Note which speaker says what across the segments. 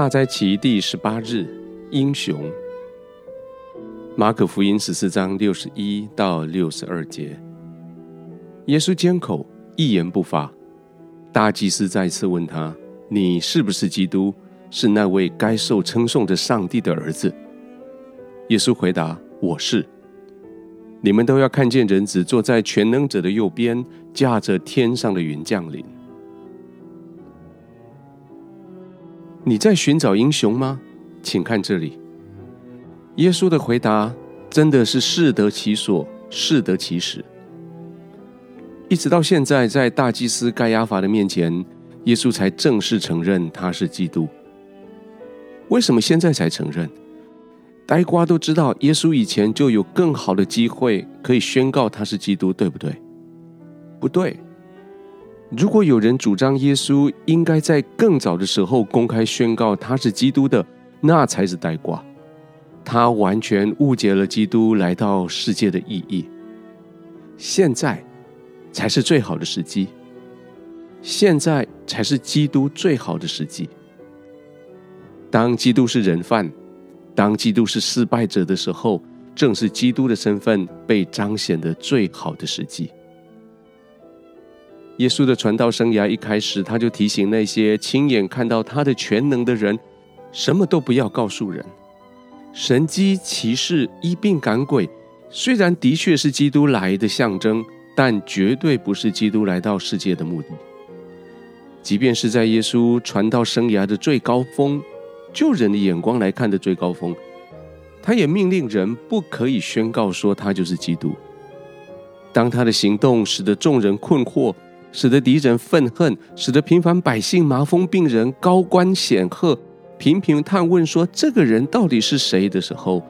Speaker 1: 大齋期第十八日，英雄。馬可福音十四章六十一到六十二節，耶穌緘口，一言不發。大祭司再次問他：“你是不是基督？是那位該受稱頌的上帝的兒子？”耶穌回答：“我是。你們都要看見人子坐在全能者的右邊，駕着天上的雲降臨。”你在尋找英雄嗎？請看這裡，耶穌的回答真的是適得其所，適得其時。一直到現在，在大祭司蓋亞法的面前，耶穌才正式承認他是基督。為什麼現在才承認？呆瓜都知道，耶穌以前就有更好的機會可以宣告他是基督，對不對？不對。如果有人主張耶穌應該在更早的時候公開宣告他是基督的，那才是呆瓜。他完全誤解了基督來到世界的意義。現在才是最好的時機。現在才是基督最好的時機。當基督是人犯，當基督是失敗者的時候，正是基督的身份被彰顯的最好的時機。耶穌的傳道生涯一開始，他就提醒那些親眼看到他的全能的人，什麼都不要告訴人。神蹟、奇事、醫病趕鬼，雖然的確是基督來的象徵，但絕對不是基督來到世界的目的。即便是在耶穌傳道生涯的最高峰，就人的眼光來看的最高峰，他也命令人不可以宣告說他就是基督。當他的行動使得眾人困惑，使得敵人憤恨，使得平凡百姓、麻風病人、高官顯赫頻頻探問說：“這個人到底是誰？”的時候，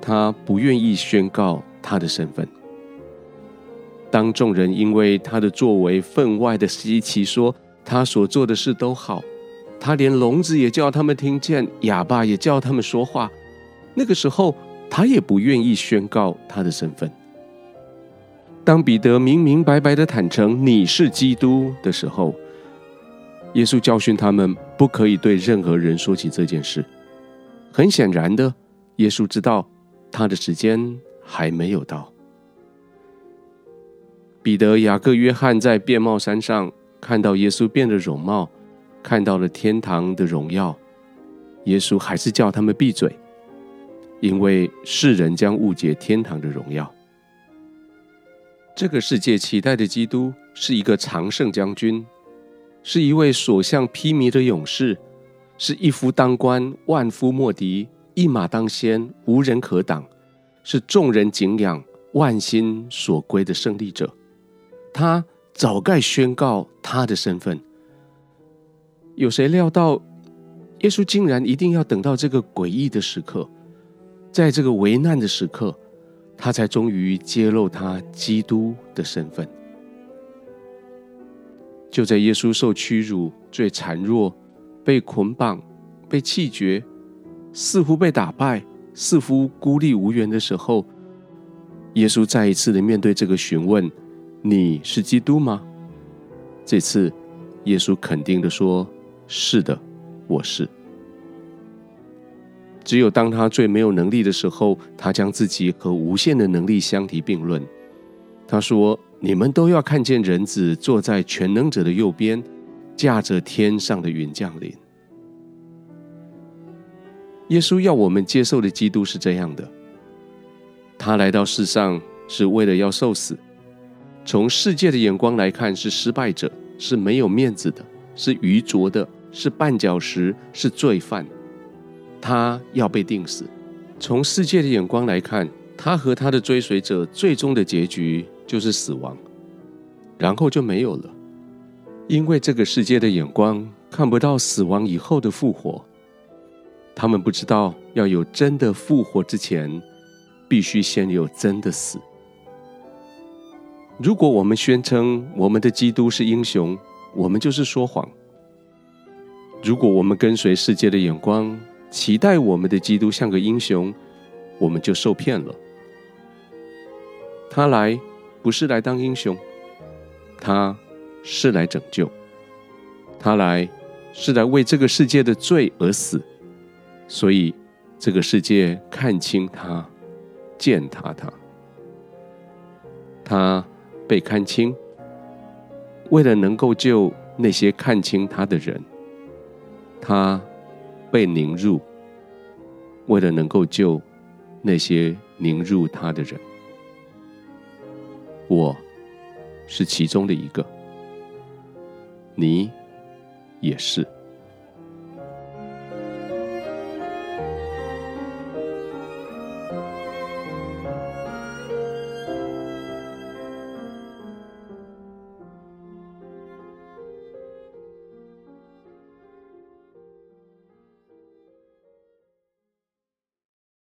Speaker 1: 他不願意宣告他的身份。當眾人因為他的作為分外的稀奇說，說他所做的事都好，他連聾子也叫他們聽見，啞巴也叫他們說話，那個時候，他也不願意宣告他的身份。當彼得明明白白的坦誠你是基督的時候，耶穌教訓他們不可以對任何人說起這件事。很顯然的，耶穌知道他的時間還沒有到。彼得、雅各、約翰在變貌山上看到耶穌變了容貌，看到了天堂的榮耀，耶穌還是叫他們閉嘴，因為世人將誤解天堂的榮耀。這個世界期待的基督，是一個常勝將軍，是一位所向披靡的勇士，是一夫當關萬夫莫敵，一馬當先無人可擋，是眾人景仰萬心所歸的勝利者。他早該宣告他的身份。有誰料到，耶穌竟然一定要等到這個詭異的時刻，在這個危難的時刻？他才終於揭露他基督的身份。就在耶穌受屈辱、最孱弱、被捆綁、被棄絕、似乎被打敗、似乎孤立無援的時候，耶穌再一次的面對這個詢問：“你是基督嗎？”這次，耶穌肯定的說：“是的，我是。”只有當他最沒有能力的時候，他將自己和無限的能力相提並論。他說：“你們都要看見人子坐在全能者的右邊，駕着天上的雲降臨。”耶穌要我們接受的基督是這樣的：他來到世上是為了要受死，從世界的眼光來看是失敗者，是沒有面子的，是愚拙的，是絆腳石，是罪犯。他要被釘死。從世界的眼光來看，他和他的追隨者最終的結局就是死亡，然後就沒有了。因為這個世界的眼光看不到死亡以後的復活，他們不知道要有真的復活之前，必須先有真的死。如果我們宣稱我們的基督是英雄，我們就是說謊。如果我們跟隨世界的眼光，期待我們的基督像個英雄，我們就受騙了。他來不是來當英雄，他是來拯救。他來是來為這個世界的罪而死，所以這個世界看輕他，踐踏他，他被看輕，為了能夠救那些看輕他的人，他。被凌辱，為了能夠救那些凌辱他的人，我是其中的一個，你也是。